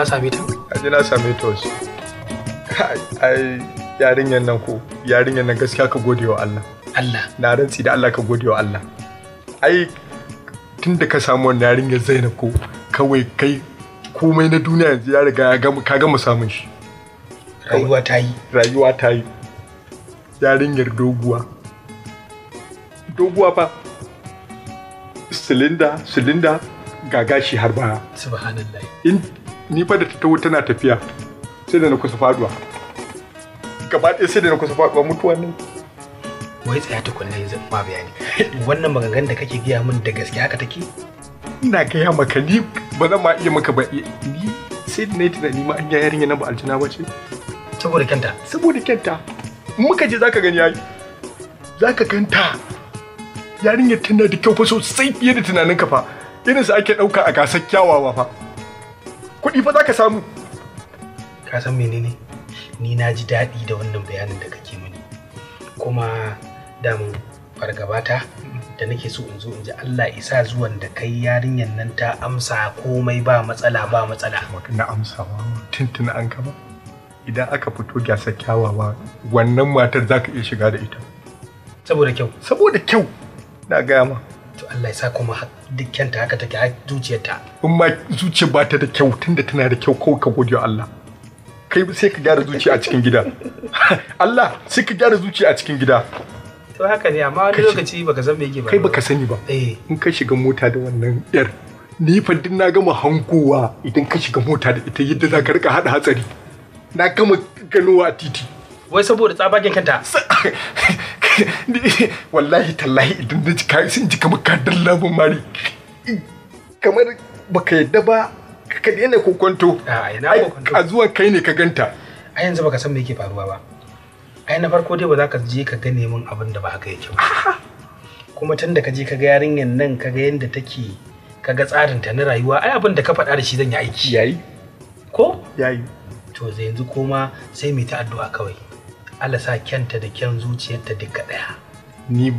ka same ta? Aje na same ta wasu. Ai yarinyar nan ko yarinyar nan gaskiya ka gode wa Allah. Allah. Na rantsi da Allah ka gode wa Allah. Ai tun da ka samu wannan yarinyar Zainab ko kawai kai komai na duniya yanzu ya riga ka gama samun shi. Rayuwa ta yi. Rayuwa ta yi. Yarinyar doguwa. Doguwa fa. Silinda, silinda, ga gashi har ba. Subhanallah. ni fa da ta taho tana tafiya sai da na kusa faduwa gaba ɗaya sai da na kusa faduwa mutuwa ne wai tsaya kunne yanzu ba bayani wannan maganganun da kake gaya min da gaske haka take ina ya maka ni ba zan ma iya maka ba ni sai da na yi tunani ma an ya yarinya na ba aljina ba ce saboda kenta. saboda kyanta muka je zaka gani yayi zaka ganta yarinyar tana da kyau fa sosai fiye da tunaninka fa irin su ake ɗauka a gasar kyawawa fa kuɗi fa za ka samu ka san menene ni na ji daɗi da wannan bayanin da kake mini kuma damun fargabata da nake so in zo in ji Allah isa zuwan da kai yarinyar nan ta amsa komai ba matsala ba matsala na amsa ba tuntuna an kama idan aka fito gyasa kyawawa wannan matar za ka iya shiga da ita saboda kyau saboda kyau na gaya ma to Allah ya sa kuma dukkan ta haka take zuciyarta in ma zuciya ba ta da kyau tunda tana da kyau kawai ka gode wa Allah kai sai ka gyara zuciya a cikin gida Allah sai ka gyara zuciya a cikin gida to haka ne amma wani lokaci baka san me yake ba kai baka sani ba eh. in ka shiga mota da wannan yar ni fa din na gama hankowa idan ka shiga mota da ita yadda zaka ka rika hada hatsari na gama ganowa a titi wai saboda tsabagen kanta wallahi tallahi idan na ji ka sun ji kamar ka dalla mun mari kamar baka yadda ba ka daina kokonto a zuwa kai ne ka ganta a yanzu baka san me yake faruwa ba ai na farko dai ba za ka je ka ga neman abin da ba haka yake ba kuma tun da ka je ka ga yarinyar nan ka ga yadda take ka ga tsarin ta na rayuwa ai abin da ka faɗa da shi zan yi aiki yayi ko yayi to yanzu koma sai mu ta addu'a kawai alasa kyanta da kyan zuciyarta duka daya ni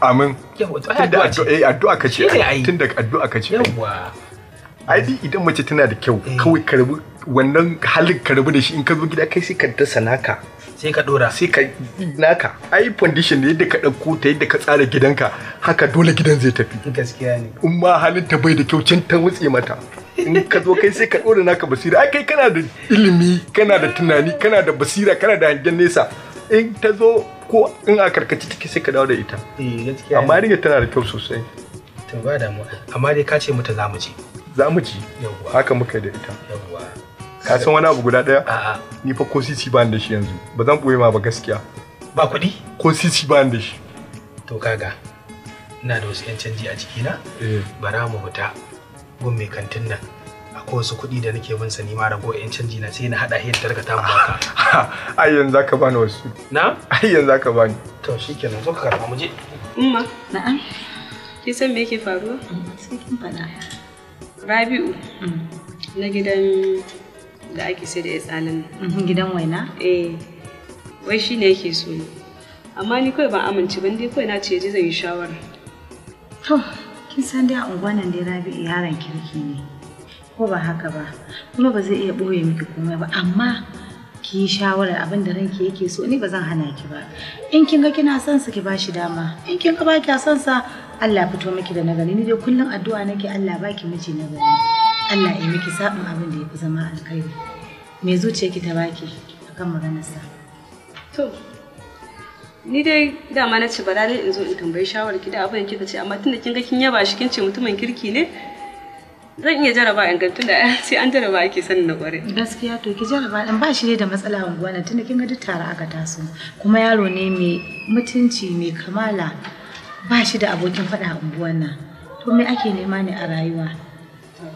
amin yawa addu'a ce eh, addu'a kace tun da addu'a kace yawa ai idan mace tana da kyau eh. kawai karbi wannan halin karbi da shi in ka zo gida kai sai ka dasa naka sai ka dora sai ka naka ai foundation yadda ka dauko ta yadda ka tsara gidanka haka dole gidan zai tafi gaskiya ne in ma halin ta bai da kyau can ta wutse mata in ka zo kai sai ka ɗora naka basira ai kai kana da ilimi kana da tunani kana da basira kana da hangen nesa in ta zo ko in a karkaci take sai ka dawo da ita eh, amma ringa tana da kyau sosai to ba mu amma dai ka ce mata za mu ji za mu ji haka muka da ita ka san wani abu guda daya ni fa ko sisi ba da shi yanzu ba zan boye ma ba gaskiya ba kuɗi ko sisi ba da shi to kaga ina da wasu 'yan canji a jikina eh. bara mu huta gun mai kantin nan akwai wasu kuɗi da nake bin sa ni ma rago yan canji na sai na hada hin ta mu baka ai yanzu zaka bani wasu na ai yanzu zaka bani to shikenan zo ka karba mu je umma na'am ki san me yake faruwa mm, sai kin fada Rabi'u mm. na gidan da ake sai da tsalin mhm, gidan waina eh wai shine yake so amma ni kawai ban amince ban dai kawai na ce je zan yi shawara to kin san dai unguwar nan dai Rabi'u yaron kirki ne ko ba haka ba kuma ba zai iya boye miki komai ba amma ki yi shawarar abin da ranki yake so ni ba zan hana ki ba in kin ga kina son sa ki bashi dama in kin ga ba kiya son sa Allah fito miki da nagari ni dai kullum addu'a nake Allah ba baki miji nagari Allah ya miki sabon abin da yafi zama alkhairi me zuciyarki ta baki akan maganar sa ni dai dama na ce ba dai in zo in tambayi shawar ki da abin kika ce amma tunda kin ga kin yaba shi kin ce mutumin kirki ne zan iya jaraba in ga tunda sai an jaraba ake sanin na kware gaskiya to ki jaraba dan ba shi ne da matsala unguwa nan tunda kin ga duk tare aka taso kuma yaro ne mai mutunci mai kamala ba shi da abokin faɗa unguwana nan to me ake nema ne a rayuwa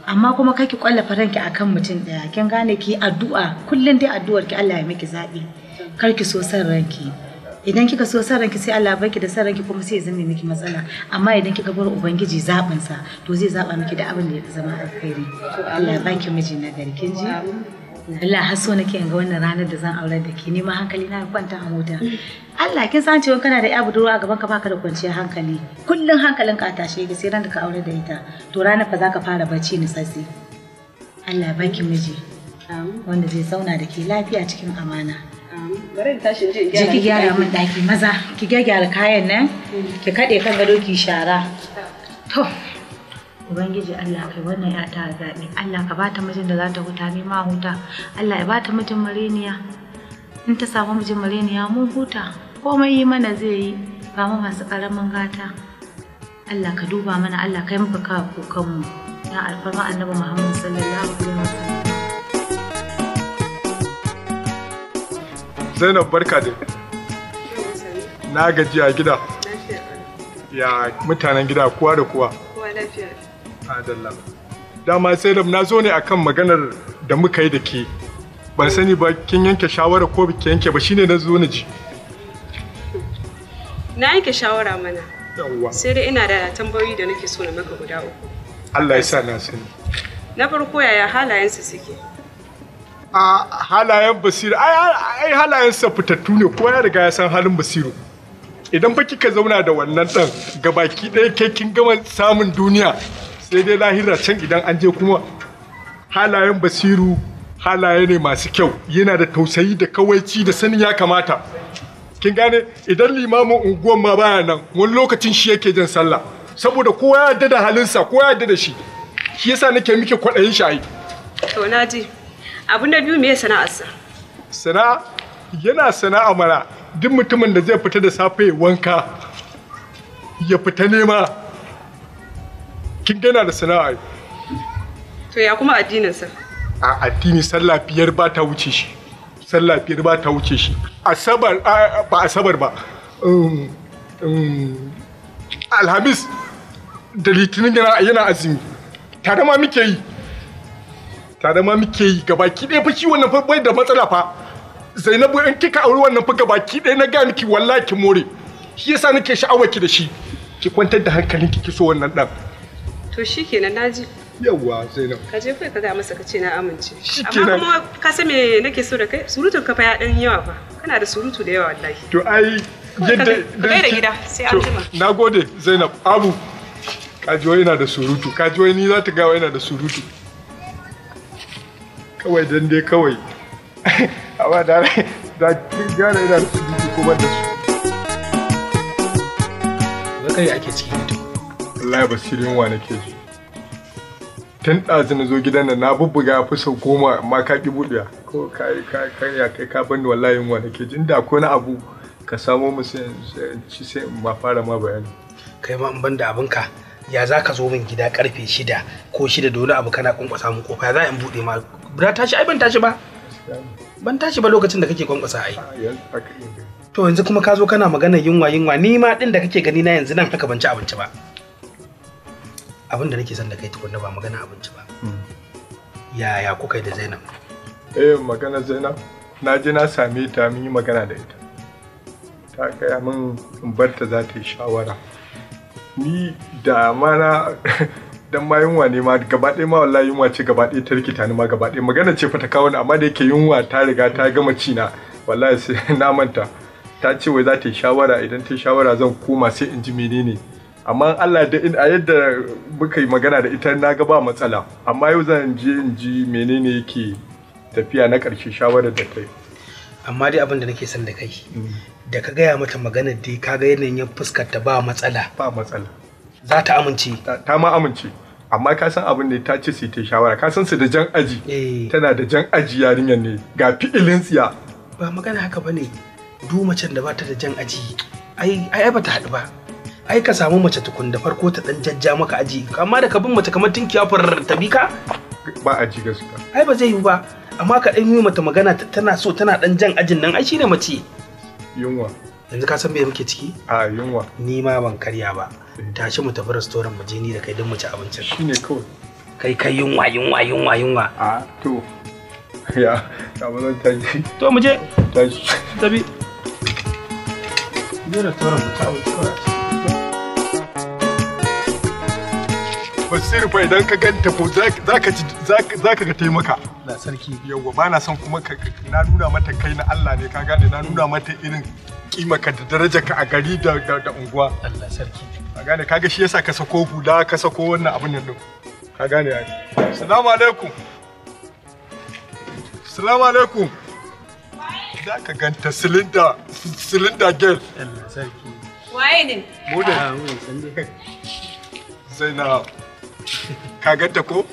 amma kuma kake kwallafa ranki akan mutum daya kin gane ki addu'a kullun dai addu'ar ki Allah ya miki zabi kar ki so san ranki idan kika so san ranki sai Allah barki da san ranki kuma sai ya zame miki matsala amma idan kika bar ubangiji zabin sa to zai zaba miki da abin da ya zama alkhairi Allah ya baki miji na garkin ji Allah har so nake in ga wannan ranar da zan aure da ke ni ma hankali na kwanta a mota Allah kin san cewa kana da ya budurwa a gaban ka baka da kwanciyar hankali kullun hankalin ka tashi ga sai ran da ka aure da ita to ranar fa zaka fara bacci ni tsatsi Allah ya baki miji wanda zai zauna da ke lafiya cikin amana bari tashi je gyara ki gyara daki maza ki gyara kayan nan ki kade kan gado ki shara to ubangiji Allah kai wannan ya ta zaɓi Allah ka bata mijin da za ta huta ni ma huta Allah ya bata mijin mareniya in ta samu mijin mareniya mun huta komai yi mana zai yi ba mu masu karamin gata Allah ka duba mana Allah kai muka kawo mu. ya alfarma annabi Muhammad sallallahu alaihi wasallam Zainab barka da Na gaji a gida. Ya mutanen gida kuwa da kuwa, Kowa lafiya. Adalla. Dama Zainab na zo ne akan maganar da muka yi da ke. Ban sani ba kin yanke shawara ko ki yanke ba shine na zo na ji. Na yanke shawara mana. Yawwa. Sai dai ina da tambayoyi da nake so na maka guda uku. Allah ya sa na sani. Na farko yaya halayensu suke? a halayen basiru ai halayen sa fitattu ne ko ya riga ya san halin basiru idan ba kika zauna da wannan ɗan baki ɗaya ke kin gama samun duniya sai dai lahira can idan an je kuma halayen basiru halaye ne masu kyau yana da tausayi da kawaici da sanin ya kamata kin gane idan limamin unguwan ma baya nan wani lokacin shi yake jin sallah saboda kowa ya dada da halinsa kowa ya dada da shi shi yasa nake miki kwaɗayin shayi. to naji abu na biyu me sana'arsa sana'a yana sana'a mana duk mutumin da zai fita da safe wanka ya fita nema kin gana da sana'a to ya kuma addininsa a addini sallah biyar ba ta wuce shi sallah biyar ba ta wuce shi asabar ba asabar ba um, um, alhamis da litinin yana azumi tare ma muke yi tare ma muke yi gabaki ɗaya fa shi wannan fa bai da matsala fa Zainabu in kika aure wannan fa gabaki ɗaya na ga miki wallahi ki more shi yasa nake sha'awar ki da shi ki kwantar da hankalinki ki so wannan dan to shikenan naji yawwa Zainab ka je kai ka ga masa kace na amince amma kuma ka san me nake so da kai surutun ka fa ya dan yawa fa kana da surutu da yawa wallahi to ai yadda da gida sai an jima nagode Zainab Abu kaji yana da surutu kaji ni za ta gawa yana da surutu kawai don dai kawai amma da da gane yana da kudi ko kuma da su zakari ake ciki ne to ba basirin wa na ke. tun ɗazu na zo gidan nan na bubbuga fi sau goma amma ka ƙi buɗewa ko kai kai kai ka bani wallahi yunwa Ke jin da ko na abu ka samo mu sai sai ma fara ma bayani kai ma in ban da abinka ya za ka zo min gida karfe shida ko shida da wani abu kana kwankwasa mu kofa ya za in buɗe ma ba tashi ai ban tashi ba ban tashi ba lokacin da kake kwankwasa ai to yanzu kuma ka zo kana magana yunwa yunwa ni ma din da kake gani na yanzu nan haka ban ci abinci ba abin da nake son da kai tukunna ba magana abinci ba yaya kuka yi da zainab eh magana zainab na ji na same ta mun yi magana da ita ta kaya min in barta za ta yi shawara ni da mana dan ma yunwa ne ma gaba ɗaya ma wallahi yunwa ce gaba ɗaya ta rikita ni ma gaba ɗaya magana ce fa ta kawo ni amma da yake yunwa ta riga ta gama ci na wallahi sai na manta ta ce wai za ta yi shawara idan ta yi shawara zan koma sai in ji menene amma Allah da in a yadda muka yi magana da ita na ga ba matsala amma yau zan je in ji menene yake tafiya na ƙarshe shawarar da ta yi amma dai abin da nake son da kai mm. da ka gaya mata maganar dai ka ga yanayin fuskar ta ba matsala ba matsala za ta amince ta ma amince amma ka san abin da ta ce sai ta shawara ka san su da jan aji eh. tana da jan aji yarinyar ne ga fi'ilin tsiya ba magana haka bane du macen da bata da jan aji ai ai bata haɗu ba ai ka samu mace tukun da farko ta dan jajja maka aji amma da ka bin mace kamar tinkiya far ta bi ka ba aji gaskiya ai ba zai yi ba amma ka dan yi mata magana tana so tana dan jan ajin nan ai shine mace yunwa yanzu ka san me muke ciki a yunwa ni ma ban karya ba tashi mu tafi restaurant mu je ni da kai don mu ci abincin shine kawai kai kai yunwa yunwa yunwa yunwa a to ya ta ba zan tashi to mu je tashi tabi je restaurant mu ci abincin kawai basir fa idan ka ganta ko zaka ka ga taimaka la sarki yawa ba na son kuma na nuna mata kai na Allah ne ka gane na nuna mata irin ka da ka a gari da da unguwa Allah sarki ka gane kaga shi yasa ka sako hula ka sako wannan abin nan ka gane ya. assalamu alaikum assalamu alaikum za ka ganta silinda silinda gel. Allah sarki waye ne mu ah, da Zainab ka ganta ko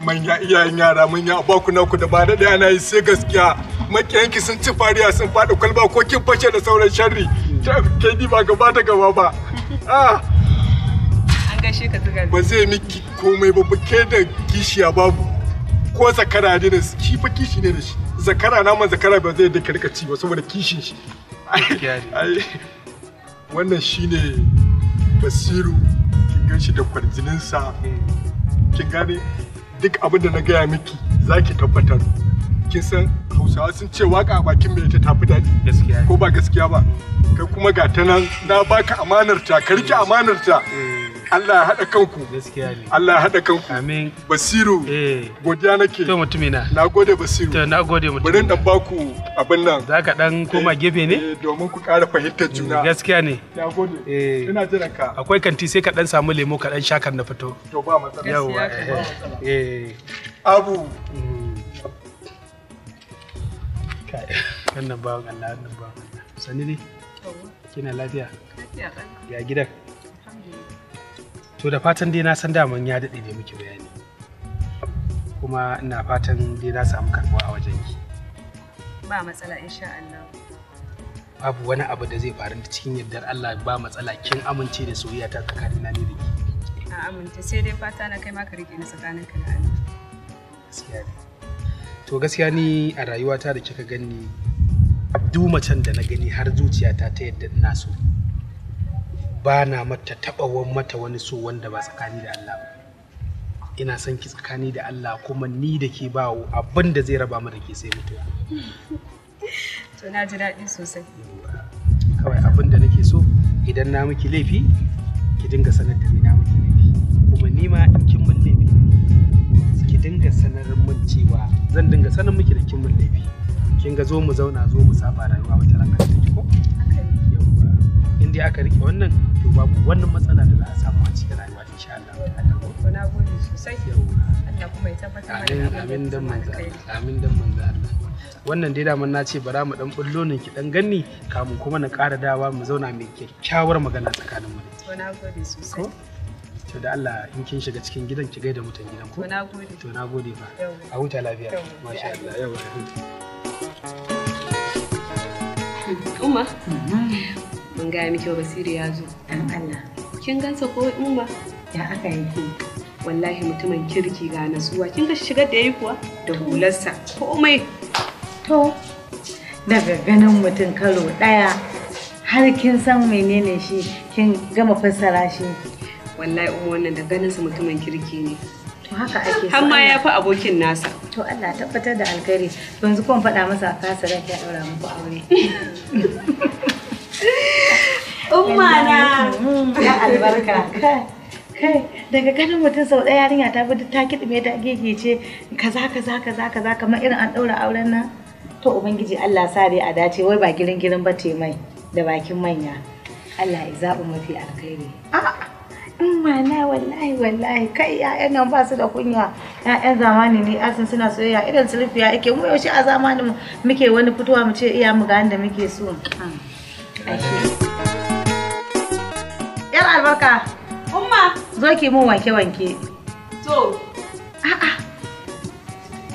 manya iyayen yara manya abakuna ku da ba da ana yi sai gaskiya makiyanki sun ci fariya sun faɗi kwalba ko kin fashe da sauran sharri kai ba gaba da gaba ba ah! an gaishe ka zuga ba zai miki komai ba ba ke da kishiya babu ko zakara ne da shi fa kishi ne da shi zakara naman zakara ba zai da karka ci ba saboda kishin shi wannan shine basiru kin gan shi da kwarjininsa mm. kin gane duk abin da na gaya miki zaki ki tabbatar kin san hausawa sun ce waka a bakin mai ta tafi daɗi ko ba gaskiya ba kai kuma ga ta nan na baka amanar ta ka rike amanar ta Allah ya haɗa kanku. Allah ya haɗa kanku. Amin. Basiru. Eh. Godiya nake. To mutumina. Na gode Basiru. To na gode mutumina. Bari dan baku abin nan. Za ka dan koma eh, gefe ne? Eh Domin ku ƙara fahimtar juna. Eh, gaskiya ne. Na gode. Eh. Ina jiran ka. Akwai kanti sai ka dan samu lemo ka dan shakar na fito. To ba matsala. Yawwa. Eh. eh. Abu. Hmm. Kai. nan bawan Allah, nan bawan Allah. Sani ne? Kina lafiya? Lafiya kan. Ya gidan? to da fatan dai na san daman ya daɗe ne muke bayani kuma ina fatan dai na samu karɓuwa a wajen ki ba matsala insha Allah babu wani abu da zai faru da cikin yardar Allah ba matsala kin amince da soyayya ta tsakanin na ne da ki a amince sai dai fata na kai ma ka rike ni tsakanin ka da Allah gaskiya ne to gaskiya ni a rayuwata da kika gani duk macen da na gani har zuciyata ta yadda ina so ba na mata wani mata wani so wanda ba tsakani da Allah ba ina son ki tsakani da Allah kuma ni da ke ba abin da zai raba mu da ke sai mutuwa to na ji daɗi sosai kawai abin da nake so idan na miki laifi ki dinga sanar da ni na miki laifi kuma ni ma in kin mun laifi ki dinga sanar mun cewa zan dinga sanar miki da kin mun laifi kin ga zo mu zauna zo mu saba rayuwa wata ranar da ko dai aka rike wannan to babu wannan matsala da za a samu a cikin rayuwa insha Allah ta'ala na gode sosai Allah kuma ya tabbatar da amin dan manzo amin dan manzo Allah wannan dai daman na ce bara mu dan bullo ne ki dan ganni kamun kuma na ƙara dawa mu zauna mai kyakkyawar magana tsakanin mu to na gode sosai to da Allah in kin shiga cikin gidan ki gaida mutan gidan ko na gode to na gode fa a huta lafiya masha Allah yawa Uma, ban gaya miki basiri ya zo dan Allah kin gansa ko in ba ya aka yi ki. wallahi mutumin kirki ga nasuwa kin ga shigar da yayi kuwa da hularsa komai to daga ganin mutum karo daya har kin san menene shi kin gama fassara shi wallahi umma wannan da ganin mutumin kirki ne to haka ake har ma ya fi abokin nasa to Allah tabbatar da alkhairi yanzu kun faɗa masa ka sadaka ya daura muku aure umma na mm. ya albarka kai daga ganin mutum sau ɗaya yarinya ta bude ta kiɗime ta gegece kaza kaza kaza kaza kamar irin an ɗaura auren nan to ubangiji Allah sa dai a dace wai ba girin girin ba te mai da bakin manya Allah ya zaɓi mafi alkhairi in mana wallahi wallahi kai ƴaƴan nan ba su da kunya ƴaƴan zamani ne asin suna soyayya irin su ake mu yaushe a zamanin muke wani fitowa mu ce iya mu ga da muke so mm. ashe Yar albarka. Umma. Zo ki mun wanke-wanke. To. A'a.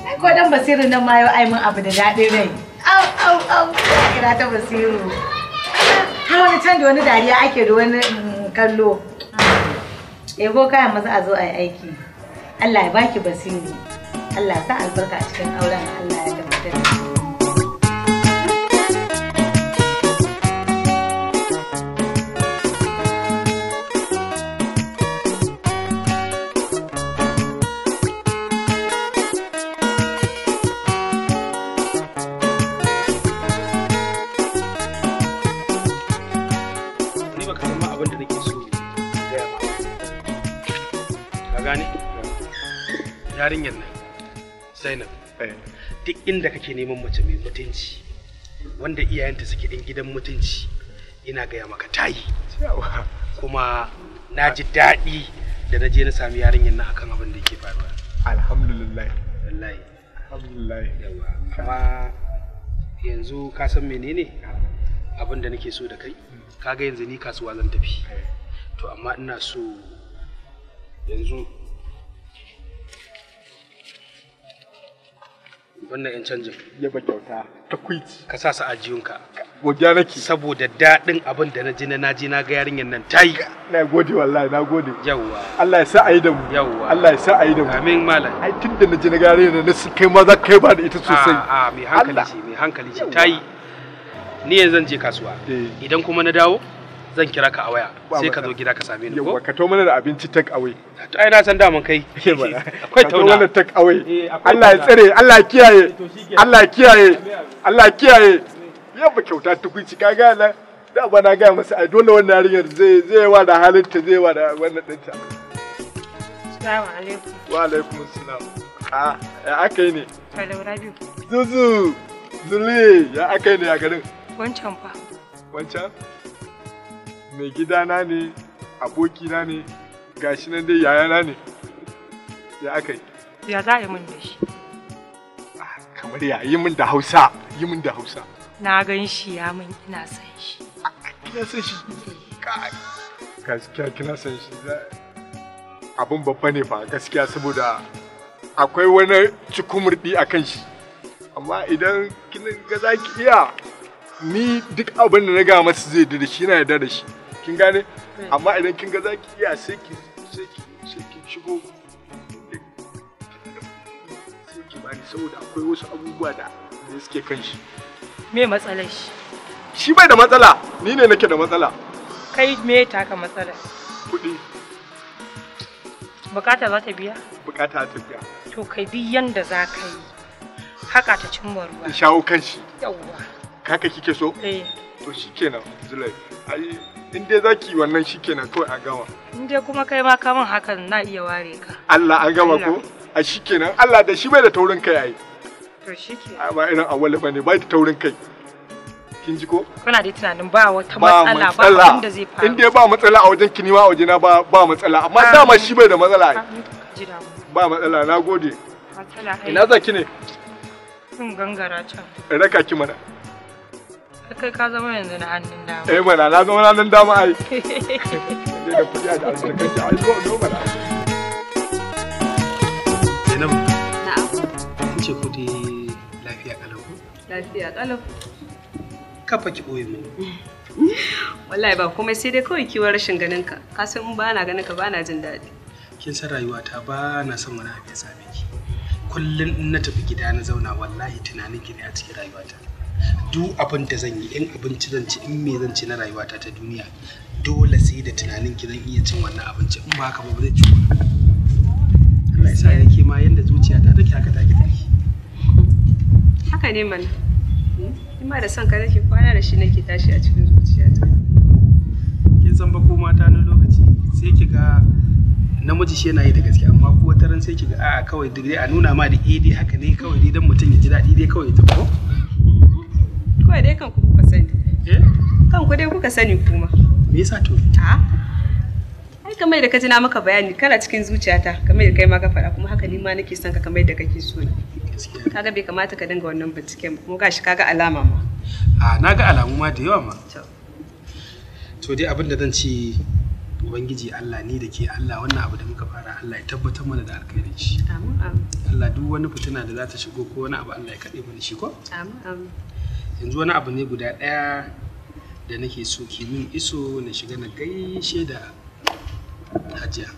Ai ko dan basirin nan ma yau ai mun abu da daɗin rai. Au au au. Kira ta basiru. Har wani can da wani dariya ake da wani mm, kallo. Ego kayan maza a zo a yi aiki. Allah ya baki basiru. Allah ya sa albarka a cikin auren Allah ya yarinyar nan Zainab eh. duk inda kake neman mace mai mutunci wanda iyayenta suke din gidan mutunci ina gaya maka tayi kuma na ji daɗi da na je na sami yarinyar nan akan abin da yake faruwa alhamdulillah wallahi alhamdulillah yawa amma yanzu ka san menene abin da nake so da kai mm. kaga yanzu ni kasuwa zan tafi eh. to amma ina so yanzu wannan yan canjin yaba kyauta ta kwici ka sa su ajiyunka jiyunka godiya nake saboda daɗin abin da na ji na naji na ga yarinyar nan ta yi na gode wallahi na gode yawwa Allah ya sa a da mu yawwa Allah ya sa a da mu amin malam ai tun da na ji na ga yarinyar nan kai ma za kai ba da ita sosai a mai hankali ce mai hankali ce ta yi ni yanzu zan je kasuwa eh. idan kuma na dawo zan kira ka a waya sai ka zo gida ka same ni ko ka to mana da abinci take away to ai na san da mun kai akwai tauna wannan take eh, away Allah ya tsare Allah ya kiyaye eh, Allah ya kiyaye Allah ya kiyaye yabba kyauta ka ga na da ba na ga masa ai dole wannan yarinyar zai zai wa da halitta zai wa da wannan dinta Assalamu alaikum wa alaikum assalam ah ya akai ne zuzu zuli ya akai ne a garin wancan fa wancan mai gidana ne abokina ne gashi nan dai yayana ne ya aka yi ya za a yi min da shi ah, kamar ya yi min da hausa yi min da hausa na gan shi ya min ina san shi kina san shi gaskiya kina san shi abin babba ne fa gaskiya saboda akwai wani cikumurdi a kan shi amma idan kina ga za ki iya ni duk abin da na ga masa zai da shi na yarda da shi kin gane hmm. amma idan kin ga zaki iya sai ki sai ki sai ki shigo sai ki bani saboda akwai wasu abubuwa da suke kan shi me matsalar shi shi bai da matsala ni ne nake da matsala kai me ta ka matsala kuɗi bukata za ta biya bukata ta biya to kai bi yanda za ka yi haka ta cimma ruwa in shawo kan shi yawwa kaka kike so eh to shikenan zulai ai in dai zaki wannan shikenan kawai a gama in dai kuma kai ma kamun hakan na iya ware ka Allah a gama ko a shikenan Allah da shi bai da taurin kai ai to shike a ba irin awwal bane bai da taurin kai kin ji ko kana da tunanin ba wata matsala ba abin zai faru in dai ba matsala a wajen kini ma a na ba ba matsala amma dama shi bai da matsala ai ba matsala na gode ina zaki ne sun gangara can raka ki mana kai ka zama yanzu na hannun dama eh mana na zama hannun dama ai da na'am kun ce ku dai lafiya kalau lafiya kalau kafa ki boye mu wallahi ba komai sai dai kawai kiwon rashin ganin ka ka san ba na ganin ka ba na jin daɗi kin san rayuwata ba na son wani abu ya same ki kullum na tafi gida na zauna wallahi tunanin ki ne a cikin rayuwata duk abin da zan yi in abinci zan ci in me zan ci na rayuwata ta duniya dole sai da tunanin ki zan iya cin wannan abinci in ba haka ba zai ci Allah ya sa yake ma yanda zuciyata take haka take take haka ne mana in ma da son ka nake kwana da shi nake tashi a cikin zuciyata kin san ba ko mata na lokaci sai ki ga namiji shi yana yi da gaske amma ko taran ran sai ki ga a kawai digiri dai a nuna ma da idi eh haka ne kawai dai dan mutum ya ji dadi dai kawai ta ko kawai dai kanku kuka sani eh? kanku dai kuka sani kuma me yasa to a ai kamar da ka ji maka bayani kana cikin zuciyata kamar da kai ma ka faɗa kuma haka ni ma nake son ka kamar da kake so kaga bai kamata ka dinga wannan binciken kuma gashi kaga alama ma a na ga alamu ma da yawa ma to dai abin da zan ci ubangiji Allah ni da ke Allah wannan abu da muka fara Allah ya tabbatar mana da alkhairin shi Allah duk wani fitina da za ta shigo ko wani abu Allah ya kaɗe mana shi ko amin yanzu wani abu ne guda ɗaya da nake so ki min iso na shiga na gaishe da hajiya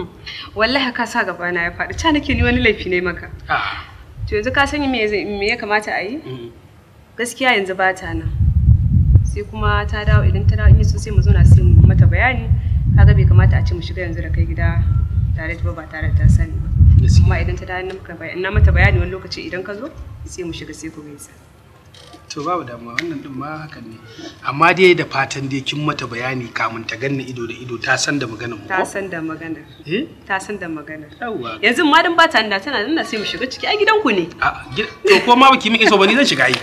wallahi ka sa gaba na ya faɗi ta nake ni wani laifi ne maka ah. to yanzu ka sani me ya kamata a yi mm. gaskiya yanzu ba ta nan sai kuma ta dawo idan ta dawo in so sai mu zauna sai mu mata bayani kaga bai kamata a ce mu shiga yanzu da kai gida tare da ba tare da sani ba amma idan ta dawo na mata bayani wani lokaci idan ka zo sai mu shiga sai ku gaisa to babu damuwa wannan din ma hakan ne amma dai da fatan dai kin mata bayani kamun ta ganni ido da ido ta san da magana mu ta san da magana eh ta san da magana yawa yanzu ma ba ta anda tana nan sai mu shiga ciki a gidan ku ne a to ko ma baki miki so ba zan shiga yi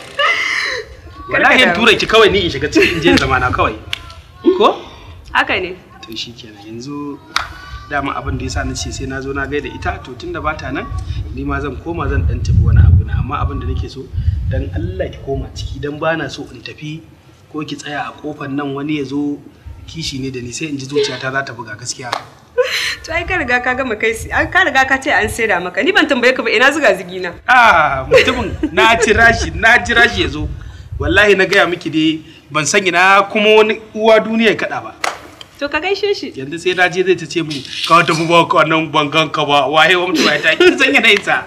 wallahi in tura ki kawai ni in shiga cikin je zama na kawai ko haka ne to shikenan yanzu dama abin da yasa na ce sai na zo na gaida ita to tunda bata nan ni ma zan koma zan dan tafi wani abu na amma abin da nake so dan Allah ki koma ciki dan bana so in tafi ko ki tsaya a kofar nan wani ya zo kishi ne da ni sai in ji zuciyata za ta buga gaskiya to ai ka riga ka gama kai an ka riga ka ce an saida maka ni ban tambaye ka ba ina zuga zigi na ah mutumin na jira shi na jira shi ya zo wallahi na gaya miki dai ban san ina kuma wani uwa duniya kada ba to ka gaishe shi yanzu sai na je zai ta ce mu ka wata mu ba wannan bangan ka ba waye wa mutum ta san yana isa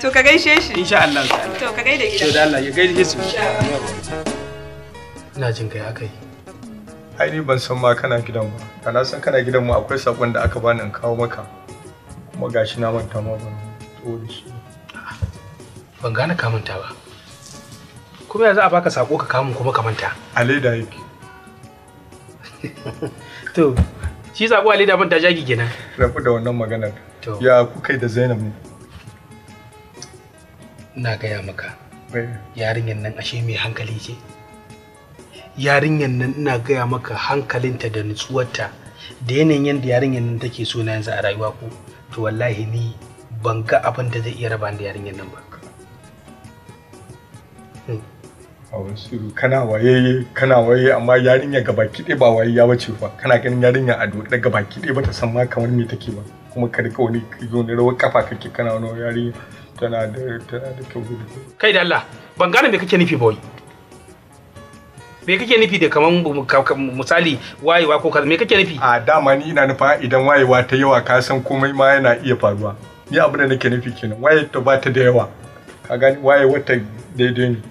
to ka gaishe shi insha Allah to ka gaida gida to da Allah ya gaishe su ina jin kai akai ai ni ban san ma kana gidan ba da na san kana gidan mu akwai sakon da aka bani in kawo maka kuma gashi na manta ma ban to da shi ban gane ka manta ba kuma yanzu a baka sako ka kamun kuma ka manta a leda yake to shi sako a leda manta jagi kenan rabu da wannan maganar ya kai da Zainab ne ina gaya maka eh. yarinyar nan ashe mai hankali ce yarinyar nan ina gaya maka hankalinta da nutsuwarta da yanayin yadda yarinyar nan take so na yanzu a rayuwa ko to wallahi ni ban ga abin da zai iya raba da yarinyar nan ba hmm. a wasu kana waye kana waye amma yarinya gaba kiɗe ba waye ya bace ba kana ganin yarinya a da gaba kiɗe ba ta san ma kamar me take ba kuma ka rika wani wani rawar kafa kake kana wani yarinya tana da tana da kyau kai da Allah ban gane me kake nufi boy me kake nufi da kaman misali wayewa ko kaza me kake nufi a dama ni ina nufa idan wayewa ta yawa ka san komai ma yana iya faruwa ni abin da nake nufi kenan waye ta ba ta da yawa ka gani waye wata daidai ne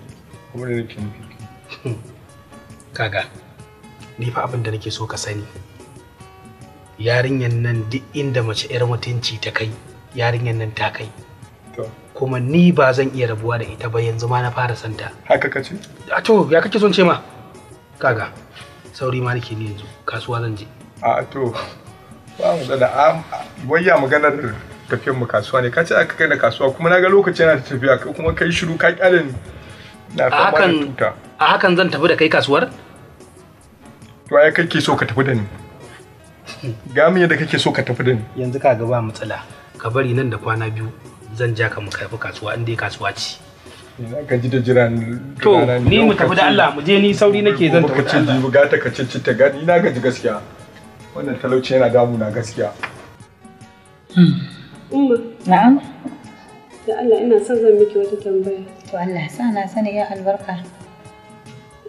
abin da nake nufi kaga ni fa abin da nake so ka sani yarinyan nan duk inda mace 'yar mutunci ta kai yarinyan nan ta kai kuma ni ba zan iya rabuwa da ita ba yanzu ma na fara santa haka kace a to ya kake son ce ma kaga sauri ma nake ni yanzu kasuwa zan je a to ba mu da wayya maganar tafiyar mu kasuwa ne kace aka kai na kasuwa kuma na ga lokaci yana tafiya kuma kai shiru ka kyale ni na fama da tuta a hakan zan tafi da kai kasuwar to ai kake so ka tafi da ni ga mu yadda kake so ka tafi da ni yanzu kaga ba matsala ka bari nan da kwana biyu zan ja ka mu karfi kasuwa inda kasuwa ce ka ji da jiran to ni mu tafi da Allah mu je ni sauri nake zan tafi da Allah ka ta ka cicci ta gani na gaji gaskiya wannan talauci yana damu na gaskiya umma na'am da Allah ina son zan miki wata tambaya to Allah ya sa na sani ya albarka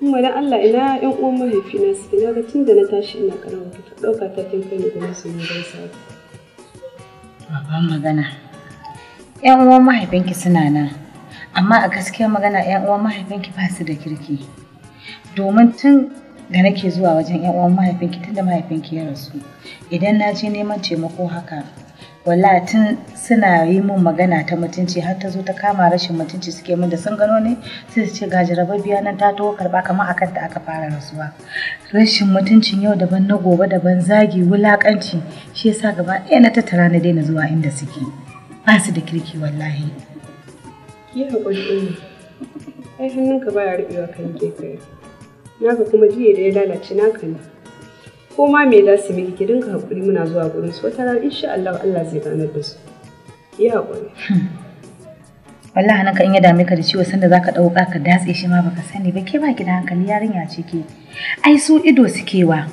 umma dan Allah ina yan uwan mahaifina suke na ga tun da na tashi ina karawa ta dauka ta kin kai ni gurin su ne dan sa babban magana 'yan uwan mahaifinki suna nan amma a gaskiyar magana 'yan uwan mahaifinki ba su da kirki domin tun da nake zuwa wajen 'yan uwan mahaifinki tun da mahaifinki ya rasu idan na je neman taimako haka wala tun suna yi min magana ta mutunci har ta zo ta kama rashin mutunci suke min da sun gano ne sai su ce ga jarababbiya nan ta taho karba kamar akan ta aka fara rasuwa rashin mutuncin yau daban na gobe daban zagi wulakanci shi yasa gaba ɗaya na tattara na daina zuwa inda suke ba su da kirki wallahi ki haƙuri ai hannunka ba ya rubewa kan gefe naka kuma jiya da ya lalace naka ne ko ma me za su miki kidin ka haƙuri muna zuwa gurin su wata rana insha Allah Allah zai ganar da su ki haƙuri hmm. wallahi nan ka in ya dame ka da ciwo sanda zaka dauka ka datse shi ma baka sani ba ke ba ki da hankali yarinya ce ke ai su ido suke wa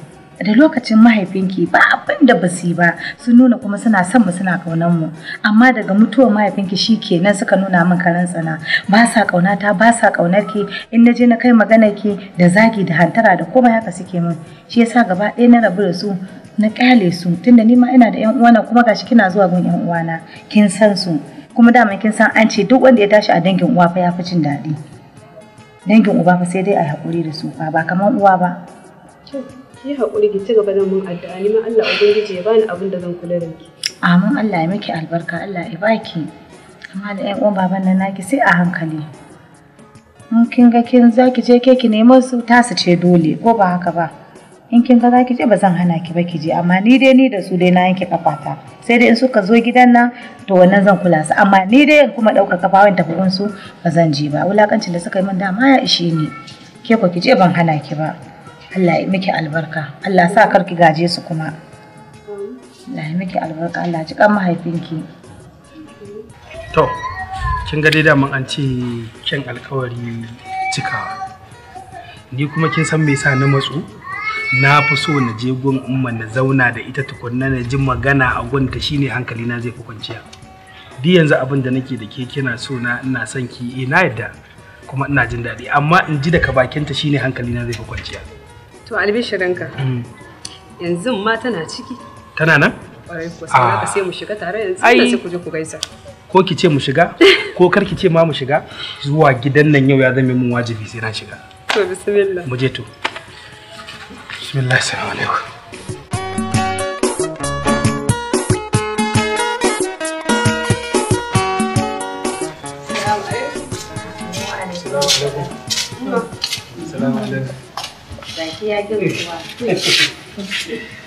da lokacin mahaifinki ba abin da ba su ba sun nuna kuma suna son mu suna kaunan mu amma daga mutuwar mahaifinki shi kenan suka nuna min karan tsana ba sa ta ba sa kaunar ki in na je na kai magana ki da zagi da hantara da komai haka suke min shi yasa gaba ɗaya na rabu da su na kyale su tunda ni ma ina da yan uwana kuma gashi kina zuwa gun yan uwana kin san su kuma dama kin san an ce duk wanda ya tashi a dangin uwa fa ya fi jin daɗi dangin uba fa sai dai a haƙuri da su fa ba kamar uwa ba Yi haƙuri ki ci gaba da mun addu'a ni ma Allah ubangiji ya bani abin da zan kula da ki. Amin Allah ya miki albarka Allah ya baki. Amma da ƴan uwan baban nan naki sai a hankali. In kin ga kin zaki je ke ki nemo su tasu ce dole ko ba haka ba. in kin ga zaki je ba zan hana ki ba ki je amma ni dai ni da su dai na yanke kafata sai dai in suka zo gidan nan to wannan zan kula su amma ni dai in kuma dauka kafa tafi gun su ba zan je ba wulakancin da suka yi min dama ya ishe ni ke ko ki je ban hana ki ba Allah ya miki albarka Allah sa karki gaje su kuma Allah ya miki albarka Allah ji kan mahaifinki to kin ga dai mun an ce kin alkawari cikawa ni kuma kin san me yasa na matsu na fi so na je gun umma na zauna da ita tukunna na ji magana a ta shine hankali na zai fi kwanciya Bi yanzu abin da nake da ke kina so na ina son ki ina eh, yadda kuma ina jin daɗi amma in ji daga bakinta shine hankali na zai fi kwanciya To albishirinka. Hmm. Yanzu ma tana ciki. Tana nan? Ƙwarai ko sai mu shiga tare yanzu sai ku je ku gaisa. Ko ki ce mu shiga ko kar ki ce ma mu shiga zuwa gidan nan yau ya zama min wajibi sai na shiga. To bismillah. Mu je to. ya girgiwa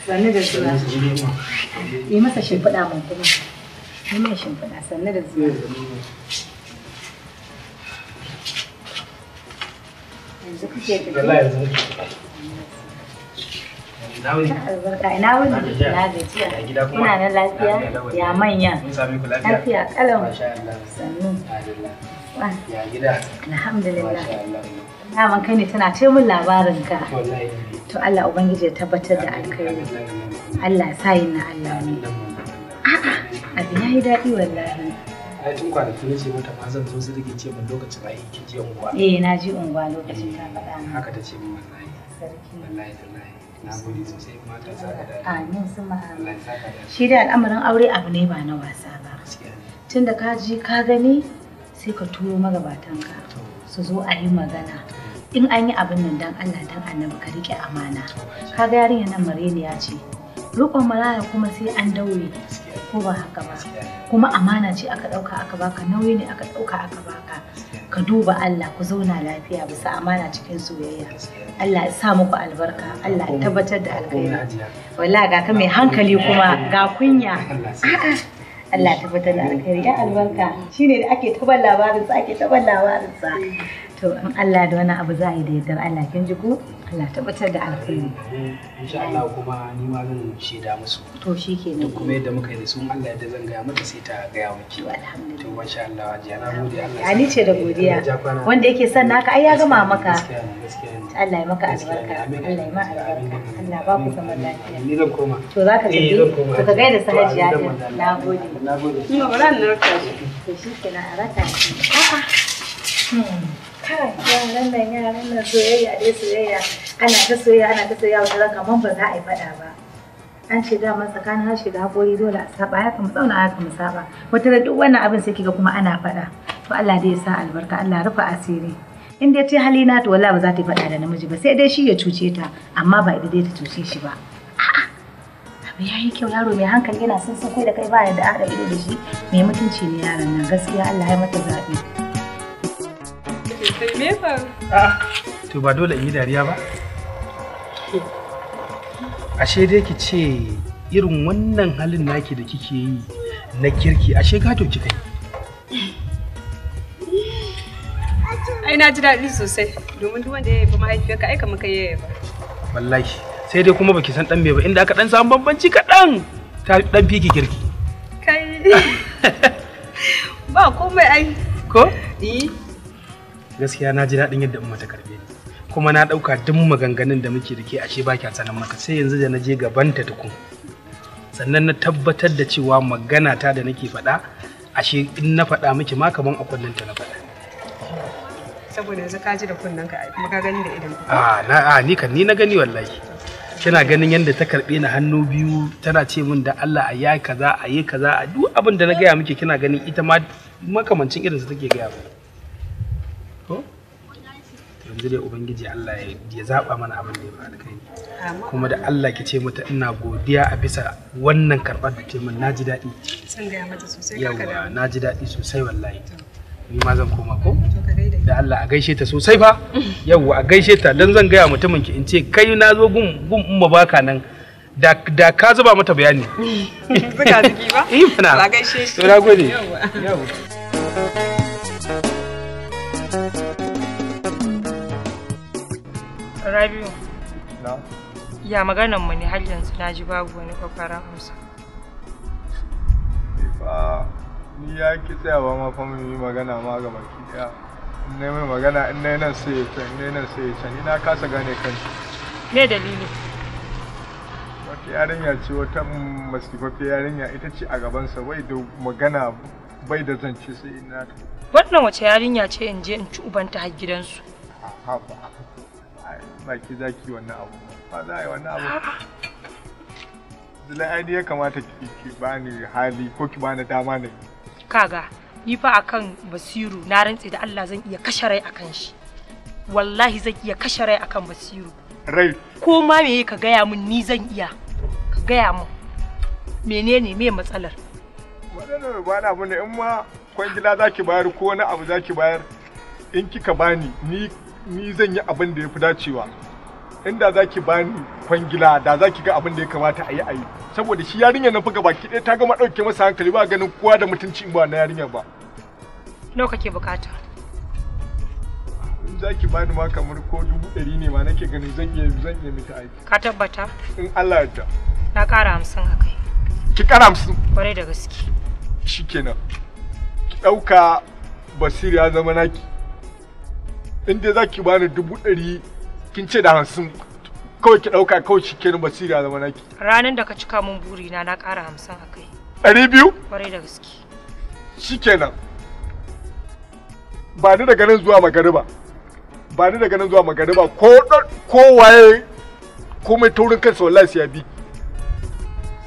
sannu da zuwa yi masa shimfiɗa mun kuma yi mai shimfiɗa sannu da zuwa yanzu kuke tafiya ina wuni na gajiya kuna na lafiya ya manya lafiya kalan sannu alhamdulillah Naman kai ne tana ce min labarin ka. To Allah Ubangiji ya tabbatar da alkhairi. Allah sa yin na Allah ne. A'a, abu ya yi daɗi wallahi. Ai tun kwanaki na ce mata ma zan zo su rike ce min lokacin ai ki ji unguwa. Eh na ji unguwa lokacin ta faɗa. Haka ta ce min wallahi. Sarki. Wallahi wallahi. Amin da. Shi da al'amarin aure abu ne ba na wasa ba. Tunda ka ji ka gani sai ka turo magabatanka su zo a yi magana. in an yi abin nan dan Allah dan annabi ka rike amana ka ga yarinya nan mareniya ce roƙon malaya kuma sai an daure ko ba haka ba kuma amana ce aka ɗauka aka baka nauyi ne aka ɗauka aka baka ka duba Allah ku zauna lafiya bisa amana cikin soyayya Allah ya sa muku albarka Allah ya tabbatar da alkhairi wallahi ga ka mai hankali kuma ga kunya Allah ya tabbatar da alkhairi ya albarka shine da ake taban labarin sa ake taban labarin sa to in Allah da wani abu za a yi da yardar Allah kin ji ko Allah tabbatar da alkhairi eh, insha Allah kuma ni ma zan shaida musu yadda muka yi da Allah yadda zan gaya mata sai ta gaya miki to masha Allah ji gode Allah da godiya wanda yake son naka ai ya gama maka Allah ya maka albarka Allah ya albarka Allah ba ku zaman lafiya ni zan koma to eh, to ka gaida kai yaran nan yaran nan soyayya dai soyayya ana ta soyayya ana ta soyayya wata ran kaman ba za a yi faɗa ba an ce dama tsakanin harshe da haƙori dole a saba ya kama tsauna ya kama saba wata da duk wannan abin sai kiga kuma ana faɗa to Allah dai ya sa albarka Allah rufa asiri in dai ta halina to wallahi ba za ta faɗa da namiji ba sai dai shi ya cuce ta amma ba ita dai ta cuce shi ba a'a abu yi kyau yaro mai hankali yana sun kai da kai ba da ada ido da shi mai mutunci ne yaron nan gaskiya Allah ya mata zaɓi. Me faru? Ah, to ba dole in yi dariya ba? Ashe dai ki ce irin wannan halin naki da kike yi na kirki ashe gato kika yi. Ai na ji daɗi sosai domin duk wanda ya yaba mahaifiyarka ai kamar kai ya yaba. Wallahi sai dai kuma baki san dan me ba inda aka dan samu bambanci kaɗan ta dan fiki kirki. Kai. Ba komai ai. Ko? Eh. gaskiya na ji daɗin yadda umma ta karbe ni kuma na ɗauka duk maganganun da muke da ke ashe ba kya sanan maka sai yanzu da na je gaban ta tukun sannan na tabbatar da cewa magana ta da nake faɗa ashe in na faɗa miki ma kaman a kullun ta na faɗa saboda yanzu ka ji da kunnen ka kuma ka gani da idan ka a na a ni kan ni na gani wallahi kina ganin yadda ta karɓe ni hannu biyu tana ce min da Allah a yi kaza a yi kaza a duk abin da na gaya miki kina ganin ita ma makamancin su take gaya ba. yanzu dai ubangiji Allah ya zaba mana abin da ya fi alkhairi kuma da Allah ke ce mata ina godiya a bisa wannan karɓar da ke min na ji daɗi san mata sosai yawa na ji daɗi sosai wallahi ni ma zan koma ko da Allah a gaishe ta sosai fa yawa a gaishe ta dan zan gaya mutumin ki in ce kai na zo gun gun umma baka nan da ka zuba mata bayani. Zuga ziki ba? Ina. Eh gaishe shi. na gode. Yawa. Yawa. Rabiu. Na. Ya maganan mu ne har yanzu na ji babu wani kwakwaran Hausa. Eh, ba ni ya ki tsayawa ma fa mu yi magana ma ga baki daya. In na mai magana in na nan sai ya can in na nan sai ya can ni na kasa gane kanshi. Me dalili? Wata yarinya ce wata masifaffe yarinya ita ce a gabansa wai da magana bai da zance sai ina Wannan wace yarinya ce in je in ci ubanta har gidansu. ha. ba zaki za ki wannan abu ba za a yi wannan abu zilai ya kamata ki ki bani hali ko ki bani dama ne kaga ni fa akan basiru na rantse da Allah zan iya kashe rai akan shi wallahi zan iya kashe rai akan basiru rai ko ma me ka gaya min ni zan iya ka gaya min menene me matsalar wadannan ba na mun in ma kwangila zaki bayar ko wani abu zaki bayar in kika bani ni ni zan yi abin da ya fi dacewa inda za ki bani kwangila da za ki ga abin da ya kamata a yi a yi saboda shi yarinyar na fuga baki ɗaya ta gama ɗauke masa hankali ba ganin kowa da mutunci in ba na yarinyar ba nawa kake bukata in za ki bani ma kamar ko dubu ɗari ne ma nake ganin zan iya zan iya miki aiki ka tabbata in Allah yarda na ƙara hamsin a kai ki ƙara hamsin kwarai da gaske shikenan ki ɗauka basir ya zama naki in dai za ki bani dubu ɗari kin ce da hamsin kawai ki ɗauka kawai shi kenan basira zama naki. Ranar da ka cika min burina na ƙara hamsin a kai. Ɗari biyu? Ƙwarai da gaske. Shi kenan. Ba ni daga nan zuwa magariba. Ba ni daga nan zuwa magariba ko ko waye komai taurin kansa wallahi sai ya bi.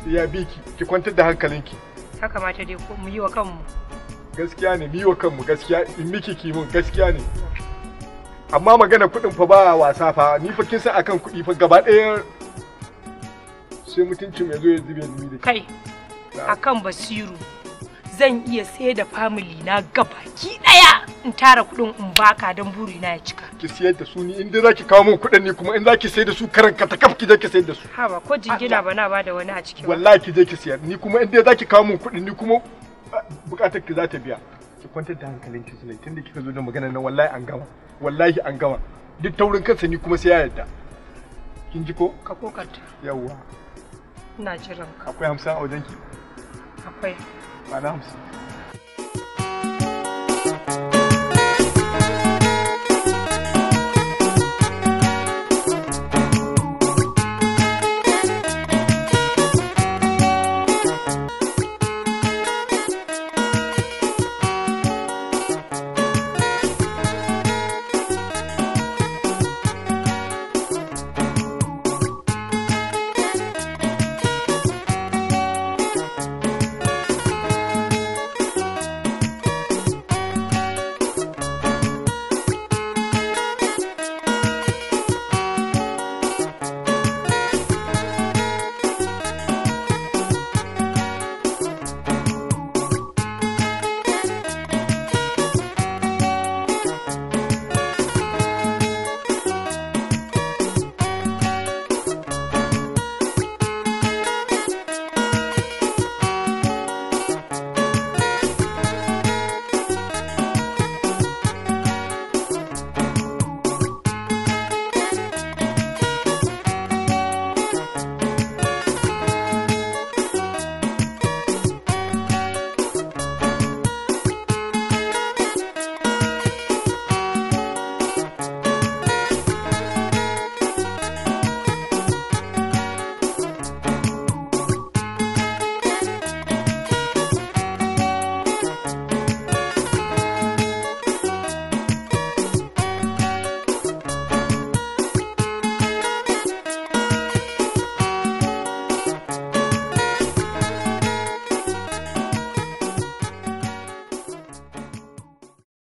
Sai ya bi ki ki kwantar da hankalinki. Ya kamata dai ko mu yi wa kanmu. Gaskiya ne mu yi wa kanmu gaskiya in miki ki mun gaskiya ne. amma magana kuɗin fa ba wasa fa ni fa kin san akan kuɗi fa gaba ɗaya sai mutuncin ya zo ya zube ni da kai akan basiru zan iya sai da family na gabaki daya. in tara kuɗin in baka don buri na ya cika ki sayar da su ni in dai zaki kawo min kuɗin ne kuma in zaki sayar da su karan ka takaf ki je ki sayar da su ha ba ko jingina ba na bada wani a cikin wallahi ki je ki sayar ni kuma in dai zaki kawo min kuɗin ni kuma ah, bukatar ki za ta biya ki kwantar da hankalin ki sulai tunda kika zo da magana nan wallahi an gama wallahi an gama duk taurin kansa ni kuma sai ya yarda kin ji ko ka kokarta yawwa ina jiran ka akwai hamsin a wajenki akwai ba na hamsin